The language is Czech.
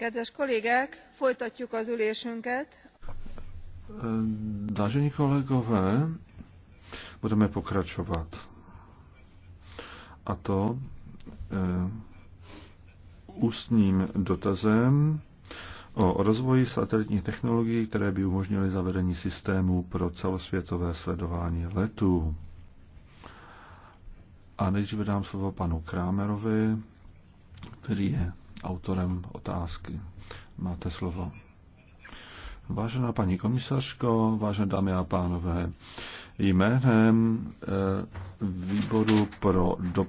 Eh, Vážení kolegové, budeme pokračovat. A to eh, ústním dotazem o rozvoji satelitních technologií, které by umožnily zavedení systému pro celosvětové sledování letů. A nejdříve dám slovo panu Krámerovi, který je autorem otázky. Máte slovo. Vážená paní komisařko, vážené dámy a pánové, jménem eh, výboru pro dopravu